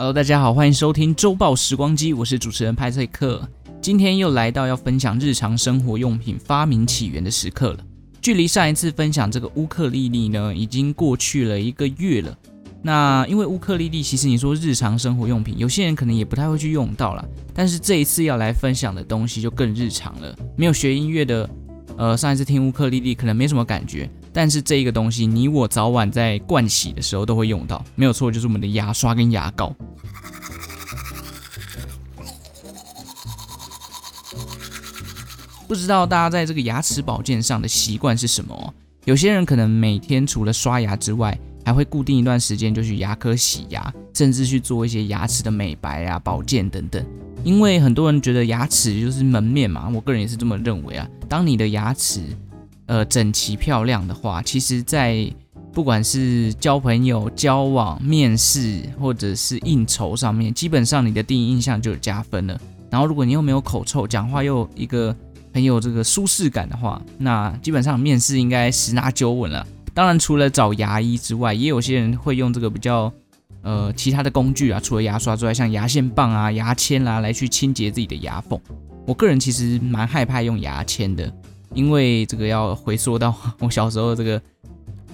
Hello，大家好，歡迎收聽週報時光機，我是主持人派翠克。今天又來到要分享日常生活用品發明起源的時刻了。距離上一次分享這個烏克麗麗呢，已經過去了一個月了。那因為烏克麗麗，其實你說日常生活用品，有些人可能也不太會去用到了。但是這一次要來分享的東西就更日常了。沒有學音樂的，呃，上一次聽烏克麗麗可能沒什麼感覺。但是這一個東西，你我早晚在盥洗的時候都會用到，沒有錯，就是我們的牙刷跟牙膏。不知道大家在這個牙齒保健上的習慣是什麼啊？有些人可能每天除了刷牙之外，還會固定一段時間就去牙科洗牙，甚至去做一些牙齒的美白啊、保健等等。因為很多人覺得牙齒就是門面嘛，我個人也是這麼認為啊。當你的牙齒，呃，整齊漂亮的話，其實，在不管是交朋友、交往、面試或者是應酬上面，基本上你的第一印象就有加分了。然後，如果你又沒有口臭，講話又一個很有這個舒適感的話，那基本上面試應該十拿九穩了。當然，除了找牙醫之外，也有些人會用這個比較呃其他的工具啊，除了牙刷之外，像牙線棒啊、牙籤啦、啊，來去清潔自己的牙縫。我個人其實蠻害怕用牙籤的。因為這個要回溯到我小時候這個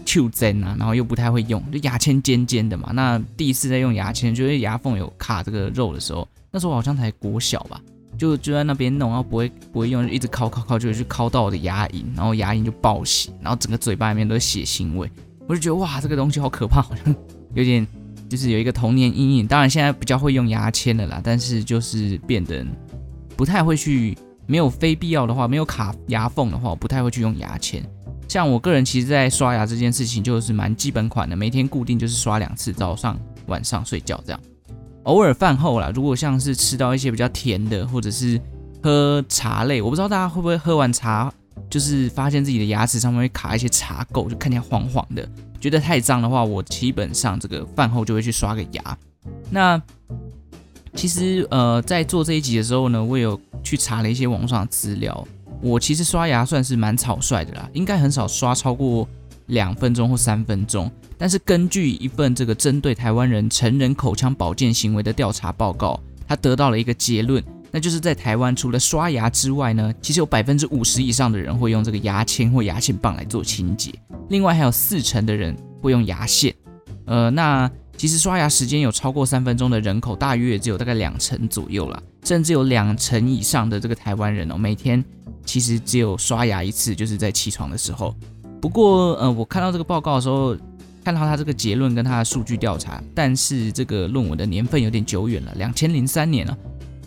舊針啊，然後又不太會用，就牙籤尖尖的嘛。那第一次在用牙籤，就是牙縫有卡這個肉的時候，那時候好像才國小吧，就就在那邊弄，然後不會不會用，一直敲敲敲，就去敲到我的牙齦，然後牙齦就爆血，然後整個嘴巴裡面都是血腥味。我就覺得哇，這個東西好可怕，好像有點就是有一個童年陰影。當然現在比較會用牙籤了啦，但是就是變得不太會去。沒有非必要的話，沒有卡牙縫的話，我不太會去用牙籤。像我個人，其實，在刷牙這件事情就是蠻基本款的，每天固定就是刷兩次，早上、晚上睡覺這樣。偶爾飯後啦，如果像是吃到一些比較甜的，或者是喝茶類，我不知道大家會不會喝完茶，就是發現自己的牙齒上面會卡一些茶垢，就看起來黃黃的，覺得太髒的話，我基本上這個飯後就會去刷個牙。那其實，呃，在做這一集的時候呢，我有去查了一些網上的資料。我其實刷牙算是蠻草率的啦，應該很少刷超過兩分鐘或三分鐘。但是根據一份這個針對台灣人成人口腔保健行為的調查報告，他得到了一個結論，那就是在台灣除了刷牙之外呢，其實有百分之五十以上的人會用這個牙籤或牙線棒來做清潔。另外還有四成的人會用牙線。呃，那。其實刷牙時間有超過三分鐘的人口大約只有大概兩成左右了，甚至有兩成以上的這個台灣人哦，每天其實只有刷牙一次，就是在起床的時候。不過，呃，我看到這個報告的時候，看到他這個結論跟他的數據調查，但是這個論文的年份有點久遠了，兩千零三年了。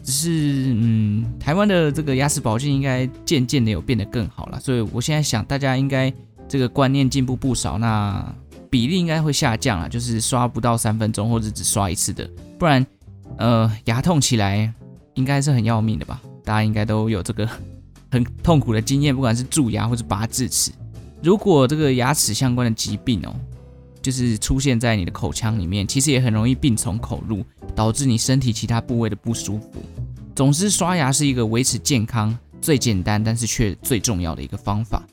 只是，嗯，台灣的這個牙齒保健應該漸漸的有變得更好了，所以我現在想，大家應該這個觀念進步不少。那。比例應該會下降啊，就是刷不到三分鐘或者是只刷一次的，不然，呃，牙痛起來應該是很要命的吧？大家應該都有這個很痛苦的經驗，不管是蛀牙或是拔智齒。如果這個牙齒相關的疾病哦，就是出現在你的口腔裡面，其實也很容易病從口入，導致你身體其他部位的不舒服。總之，刷牙是一個維持健康最簡單，但是卻最重要的一個方法。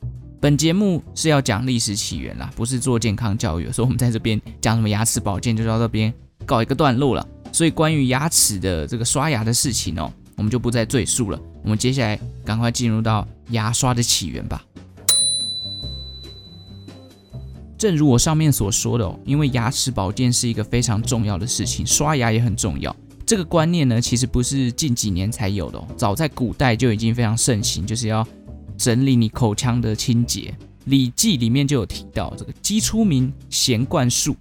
本節目是要講歷史起源啦，不是做健康教育，所以我們在這邊講什麼牙齒保健就到這邊告一個段落了。所以關於牙齒的這個刷牙的事情哦，我們就不再贅述了。我們接下來趕快進入到牙刷的起源吧。正如我上面所說的哦，因為牙齒保健是一個非常重要的事情，刷牙也很重要。這個觀念呢，其實不是近幾年才有的哦，早在古代就已經非常盛行，就是要。整理你口腔的清潔，《禮記》裡面就有提到這個雞初鳴，咸盥漱，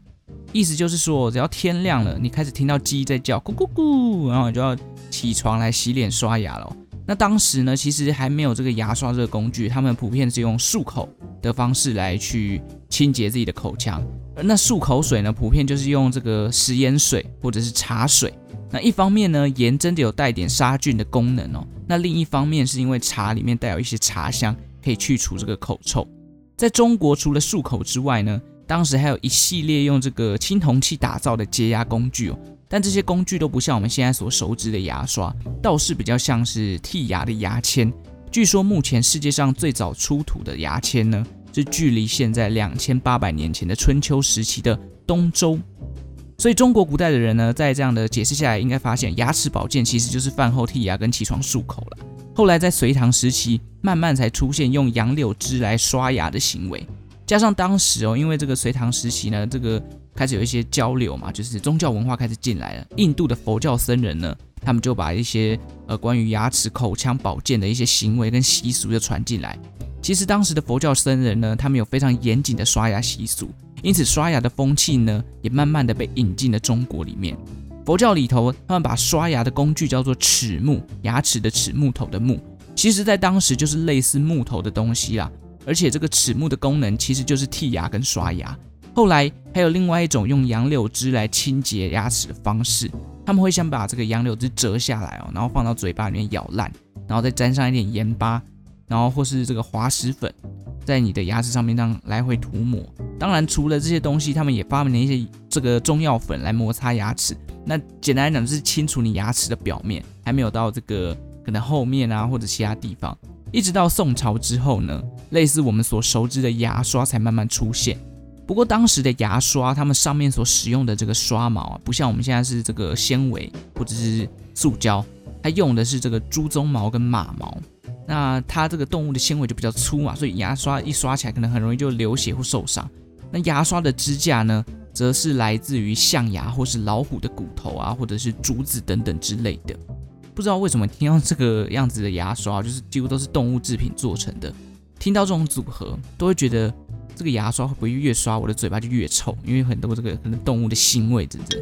意思就是說，只要天亮了，你開始聽到雞在叫咕咕咕，然後你就要起床來洗臉刷牙咯。那當時呢，其實還沒有這個牙刷這個工具，他們普遍是用漱口的方式來去清潔自己的口腔，而那漱口水呢，普遍就是用這個食鹽水或者是茶水。一方面呢，鹽真的有帶點殺菌的功能哦。那另一方面是因為茶裡面帶有一些茶香，可以去除這個口臭。在中國，除了漱口之外呢，當時還有一系列用這個青銅器打造的潔牙工具哦。但這些工具都不像我們現在所熟知的牙刷，倒是比較像是剔牙的牙籤。據說目前世界上最早出土的牙籤呢，是距離現在兩千八百年前的春秋時期的東周。所以中國古代的人呢，在這樣的解釋下來，應該發現牙齒保健其實就是飯後剔牙跟起床漱口了。後來在隋唐時期，慢慢才出現用楊柳枝來刷牙的行為。加上當時哦，因為這個隋唐時期呢，這個開始有一些交流嘛，就是宗教文化開始進來了。印度的佛教僧人呢，他們就把一些呃關於牙齒、口腔保健的一些行為跟習俗就傳進來。其實當時的佛教僧人呢，他們有非常嚴謹的刷牙習俗。因此，刷牙的風氣呢，也慢慢的被引進了中國裡面。佛教裡頭，他們把刷牙的工具叫做齒木，牙齒的齒，木頭的木，其實在當時就是類似木頭的東西啦。而且這個齒木的功能其實就是剔牙跟刷牙。後來還有另外一種用楊柳枝來清潔牙齒的方式，他們會先把這個楊柳枝折下來哦，然後放到嘴巴裡面咬爛，然後再沾上一點鹽巴，然後或是這個滑石粉，在你的牙齒上面這樣來回塗抹。當然，除了這些東西，他們也發明了一些這個中藥粉來摩擦牙齒。那簡單來講，就是清除你牙齒的表面，還沒有到這個可能後面啊或者其他地方。一直到宋朝之後呢，類似我們所熟知的牙刷才慢慢出現。不過當時的牙刷，它們上面所使用的這個刷毛啊，不像我們現在是這個纖維或者是塑膠，它用的是這個豬鬃毛跟馬毛。那它這個動物的纖維就比較粗嘛，所以牙刷一刷起來可能很容易就流血或受傷。那牙刷的支架呢，則是來自於象牙或是老虎的骨頭啊，或者是竹子等等之類的。不知道為什麼聽到這個樣子的牙刷，就是幾乎都是動物製品做成的。聽到這種組合，都會覺得這個牙刷會不會越刷我的嘴巴就越臭？因為很多這個可能動物的腥味，是不是？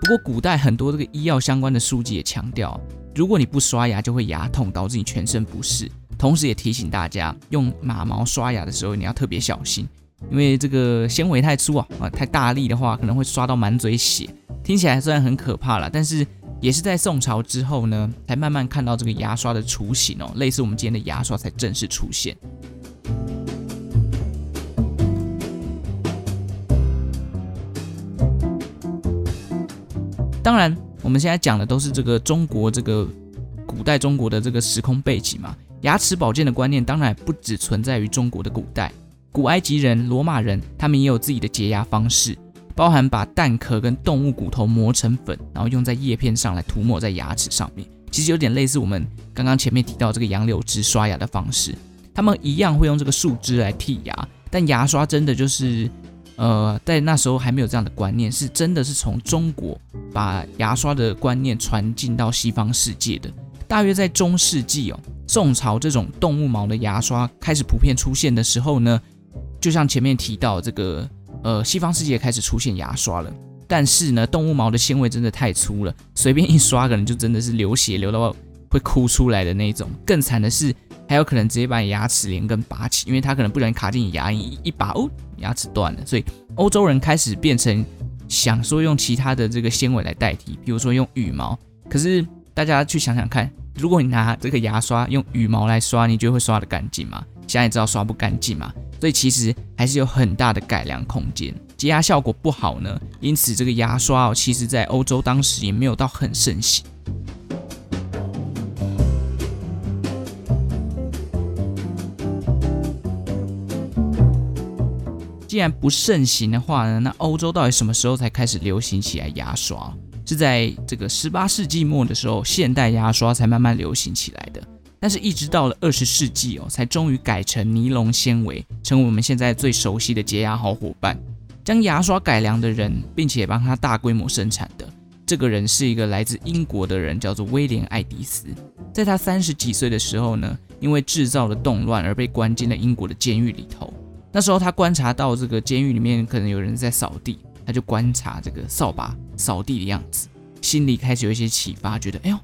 不過古代很多這個醫藥相關的書籍也強調啊。如果你不刷牙，就會牙痛，導致你全身不適。同時也提醒大家，用馬毛刷牙的時候，你要特別小心，因為這個纖維太粗啊，啊，太大力的話，可能會刷到滿嘴血。聽起來雖然很可怕啦，但是也是在宋朝之後呢，才慢慢看到這個牙刷的雛形哦、喔，類似我們今天的牙刷才正式出現。當然，我們現在講的都是這個中國這個古代中國的這個時空背景嘛。牙齒保健的觀念當然不只存在於中國的古代，古埃及人、羅馬人他們也有自己的潔牙方式，包含把蛋殼跟動物骨頭磨成粉，然後用在葉片上來塗抹在牙齒上面。其實有點類似我們剛剛前面提到這個楊柳枝刷牙的方式，他們一樣會用這個樹枝來剔牙，但牙刷真的就是。呃，在那時候還沒有這樣的觀念，是真的是從中國把牙刷的觀念傳進到西方世界的。大約在中世紀哦，宋朝這種動物毛的牙刷開始普遍出現的時候呢，就像前面提到這個，呃，西方世界開始出現牙刷了。但是呢，動物毛的纖維真的太粗了，隨便一刷可能就真的是流血流到會哭出來的那一種。更慘的是。還有可能直接把你牙齒連根拔起，因為它可能不小心卡進牙齦，一拔把哦，牙齒斷了。所以歐洲人開始變成想說用其他的這個纖維來代替，比如說用羽毛。可是大家去想想看，如果你拿這個牙刷用羽毛來刷，你就會刷得乾淨嗎？現在你知道刷不乾淨嘛？所以其實還是有很大的改良空間，潔牙效果不好呢。因此這個牙刷哦，其實在歐洲當時也沒有到很盛行。既然不盛行的話呢，那歐洲到底什麼時候才開始流行起來牙刷？是在這個十八世紀末的時候，現代牙刷才慢慢流行起來的。但是，一直到了二十世紀哦，才終於改成尼龍纖維，成為我們現在最熟悉的潔牙好夥伴。將牙刷改良的人，並且幫他大規模生產的這個人是一個來自英國的人，叫做威廉·艾迪斯。在他三十幾歲的時候呢，因為製造了動亂而被關進了英國的監獄裡頭。那時候他觀察到這個監獄裡面可能有人在掃地，他就觀察這個掃把掃地的樣子，心裡開始有一些啟發，覺得哎呦，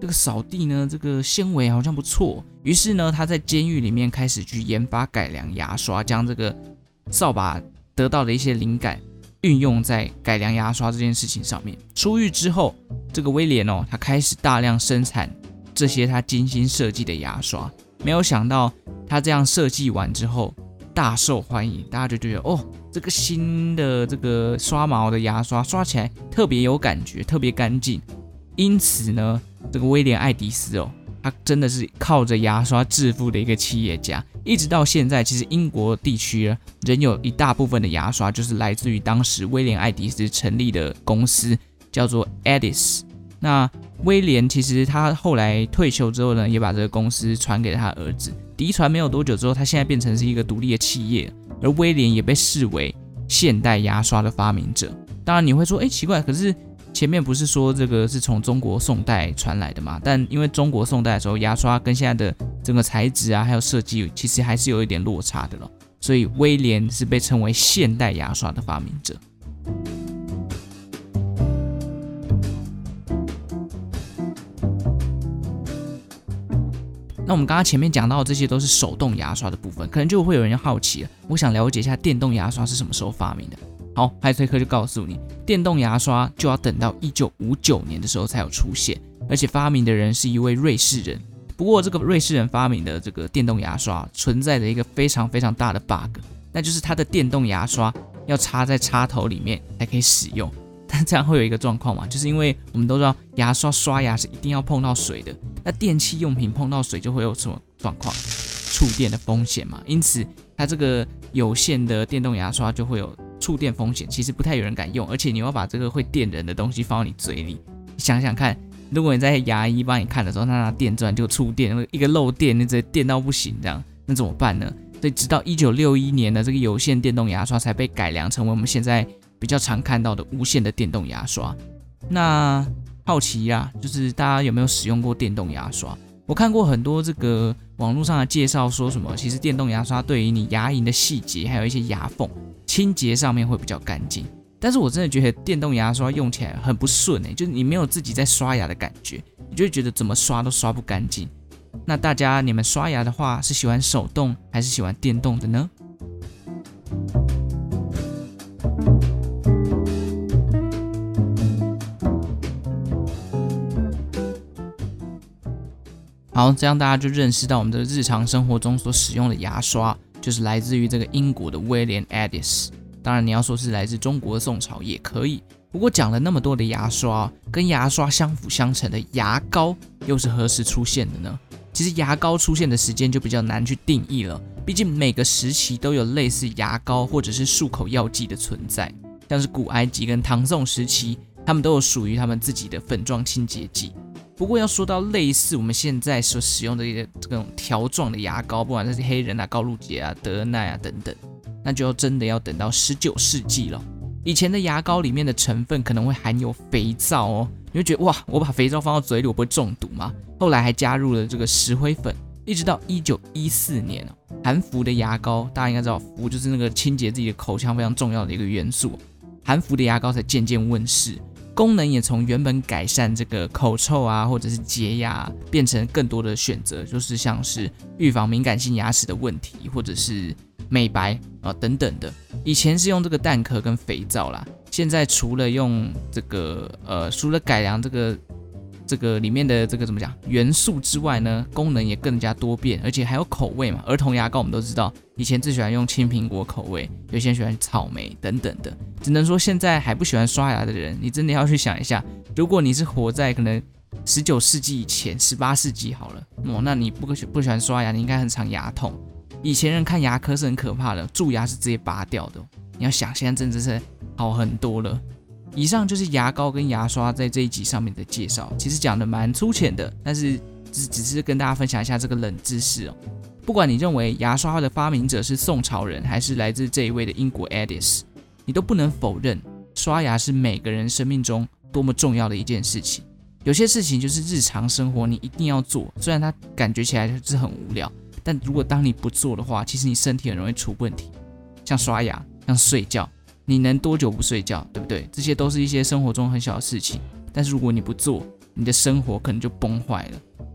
這個掃地呢，這個纖維好像不錯。於是呢，他在監獄裡面開始去研發改良牙刷，將這個掃把得到的一些靈感運用在改良牙刷這件事情上面。出獄之後，這個威廉哦，他開始大量生產這些他精心設計的牙刷。沒有想到他這樣設計完之後，大受歡迎，大家就覺得哦，這個新的這個刷毛的牙刷刷起來特別有感覺，特別乾淨。因此呢，這個威廉·愛迪斯哦，他真的是靠着牙刷致富的一個企業家，一直到現在，其實英國地區呢，仍有一大部分的牙刷就是來自於當時威廉·愛迪斯成立的公司，叫做 Addis。那威廉其實他後來退休之後呢，也把這個公司傳給了他的兒子。嫡傳沒有多久之後，它現在變成是一個獨立的企業，而威廉也被視為現代牙刷的發明者。當然，你會說，哎、欸，奇怪，可是前面不是說這個是從中國宋代傳來的嗎？但因為中國宋代的時候，牙刷跟現在的整個材質啊，還有設計，其實還是有一點落差的咯。所以威廉是被稱為現代牙刷的發明者。那我們剛剛前面講到的這些都是手動牙刷的部分，可能就會有人好奇了，我想了解一下電動牙刷是什麼時候發明的。好，派翠克就告訴你，電動牙刷就要等到一九五九年的時候才有出現，而且發明的人是一位瑞士人。不過這個瑞士人發明的這個電動牙刷存在着一個非常非常大的 bug，那就是它的電動牙刷要插在插頭裡面才可以使用。這樣會有一個狀況嘛，就是因為我們都知道牙刷刷牙是一定要碰到水的，那電器用品碰到水就會有什麼狀況，觸電的風險嘛。因此，它這個有線的電動牙刷就會有觸電風險，其實不太有人敢用。而且你要把這個會電人的東西放到你嘴裡，想想看，如果你在牙醫幫你看的時候，那拿電鑽就觸電，一個漏電，你直接電到不行這樣，那怎麼辦呢？所以直到一九六一年的這個有線電動牙刷才被改良成為我們現在。比較常看到的無線的電動牙刷，那好奇呀、啊，就是大家有沒有使用過電動牙刷？我看過很多這個網絡上的介紹，說什麼其實電動牙刷對於你牙齦的細節還有一些牙縫清潔上面會比較乾淨，但是我真的覺得電動牙刷用起來很不順欸，就是你沒有自己在刷牙的感覺，你就會覺得怎麼刷都刷不乾淨。那大家你們刷牙的話是喜歡手動還是喜歡電動的呢？好，這樣大家就認識到，我們的日常生活中所使用的牙刷，就是來自於這個英國的威廉·埃迪斯。當然，你要說是來自中國的宋朝也可以。不過，講了那麼多的牙刷，跟牙刷相輔相成的牙膏，又是何時出現的呢？其實，牙膏出現的時間就比較難去定義了。畢竟，每個時期都有類似牙膏或者是漱口藥劑的存在，像是古埃及跟唐宋時期，他們都有屬於他們自己的粉狀清潔劑。不過要說到類似我們現在所使用的這些這種條狀的牙膏，不管那是黑人啊、高露潔啊、德恩奈啊等等，那就要真的要等到十九世紀了。以前的牙膏裡面的成分可能會含有肥皂哦，你會覺得哇，我把肥皂放到嘴裡，我不會中毒嗎？後來還加入了這個石灰粉，一直到一九一四年哦，含氟的牙膏，大家應該知道，氟就是那個清潔自己的口腔非常重要的一個元素，含氟的牙膏才漸漸問世。功能也從原本改善這個口臭啊，或者是潔牙，變成更多的選擇，就是像是預防敏感性牙齒的問題，或者是美白啊，呃，等等的。以前是用這個蛋殼跟肥皂啦，現在除了用這個，呃，除了改良這個。這個裡面的這個怎麼講，元素之外呢？功能也更加多變，而且還有口味嘛。兒童牙膏我們都知道，以前最喜歡用青蘋果口味，有些人喜歡草莓等等的。只能說現在還不喜歡刷牙的人，你真的要去想一下，如果你是活在可能十九世紀以前，十八世紀好了，哦，那你不不喜歡刷牙，你應該很常牙痛。以前人看牙科是很可怕的，蛀牙是直接拔掉的。你要想，現在真的是好很多了。以上就是牙膏跟牙刷在這一集上面的介紹，其實講的蠻粗淺的，但是只只是跟大家分享一下這個冷知識哦。不管你認為牙刷的發明者是宋朝人，還是來自這一位的英國 Addis，你都不能否認刷牙是每個人生命中多麼重要的一件事情。有些事情就是日常生活你一定要做，雖然它感覺起來就是很無聊，但如果當你不做的話，其實你身體很容易出問題，像刷牙，像睡覺。你能多久不睡覺，對不對？這些都是一些生活中很小的事情，但是如果你不做，你的生活可能就崩壞了。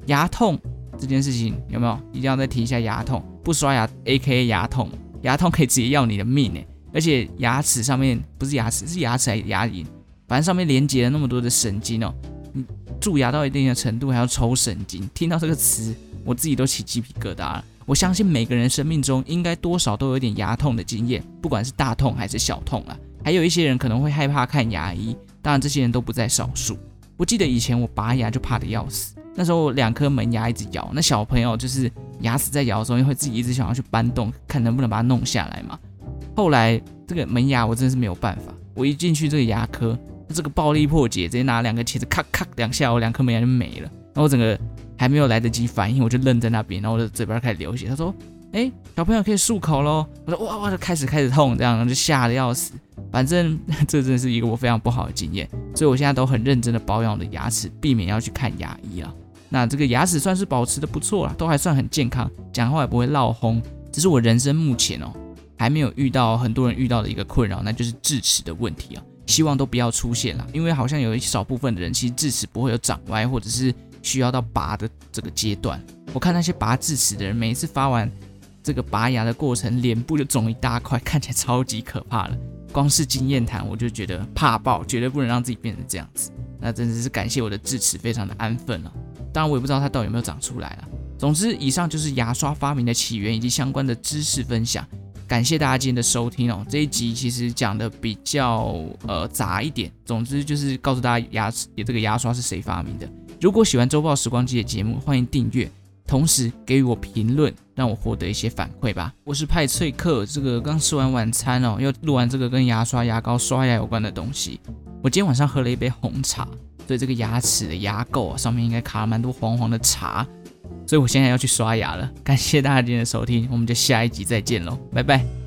牙痛這件事情有沒有？一定要再提一下牙痛，不刷牙，AKA 牙痛，牙痛可以直接要你的命哎！而且牙齒上面不是牙齒，是牙齒還牙齦，反正上面連接了那麼多的神經哦。你蛀牙到一定的程度還要抽神經，聽到這個詞我自己都起雞皮疙瘩了。我相信每個人生命中應該多少都有點牙痛的經驗，不管是大痛還是小痛啊。還有一些人可能會害怕看牙醫，當然這些人都不在少數。我記得以前我拔牙就怕得要死，那時候兩顆門牙一直咬，那小朋友就是牙齒在咬的時候，因為自己一直想要去搬動，看能不能把它弄下來嘛。後來這個門牙我真的是沒有辦法，我一進去這個牙科，這個暴力破解，直接拿兩個鉗子咔咔兩下，我兩顆門牙就沒了。那我整個。還沒有來得及反應，我就愣在那邊，然後我的嘴巴開始流血。他說：“誒、欸，小朋友可以漱口嘍。”我說：“哇，哇，我就開始開始痛，這樣就嚇得要死。反正呵呵這真是一個我非常不好的經驗，所以我現在都很認真的保養我的牙齒，避免要去看牙醫啊。那這個牙齒算是保持的不錯了，都還算很健康，講話也不會烙轟。只是我人生目前哦、喔，還沒有遇到很多人遇到的一個困擾，那就是智齒的問題啊、喔。希望都不要出現了，因為好像有一少部分的人其實智齒不會有長歪，或者是……需要到拔的這個階段，我看那些拔智齒的人，每一次發完這個拔牙的過程，臉部就腫一大塊，看起來超級可怕了。光是經驗談，我就覺得怕爆，絕對不能讓自己變成這樣子。那真的是感謝我的智齒非常的安分了啊，當然我也不知道它到底有沒有長出來了啊。總之，以上就是牙刷發明的起源以及相關的知識分享。感謝大家今天的收聽哦。這一集其實講得比較呃雜一點，總之就是告訴大家牙齒，這個牙刷是誰發明的。如果喜歡《週報時光機》的節目，歡迎訂閱，同時給予我評論，讓我獲得一些反饋吧。我是派翠克，這個剛吃完晚餐哦，又錄完這個跟牙刷、牙膏、刷牙有關的東西。我今天晚上喝了一杯紅茶，所以這個牙齒的牙垢啊，上面應該卡了蠻多黃黃的茶，所以我現在要去刷牙了。感謝大家今天的收聽，我們就下一集再見嘍，拜拜。